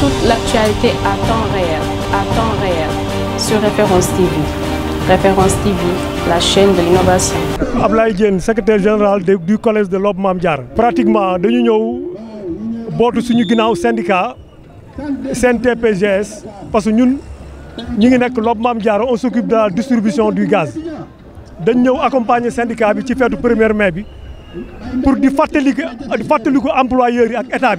toute l'actualité à temps réel, à temps réel, sur Référence TV. Référence TV, la chaîne de l'innovation. Ablaye Diène, secrétaire général du collège de l'Ob Mamdiar. Pratiquement, nous sommes au suñu ginnaaw syndicat CNTPGS parce que nous, nous sommes nekk Mamdiar on s'occupe de la distribution du gaz. Nous nous accompagner syndicat bi ci du 1er mai pour que les employeurs et ak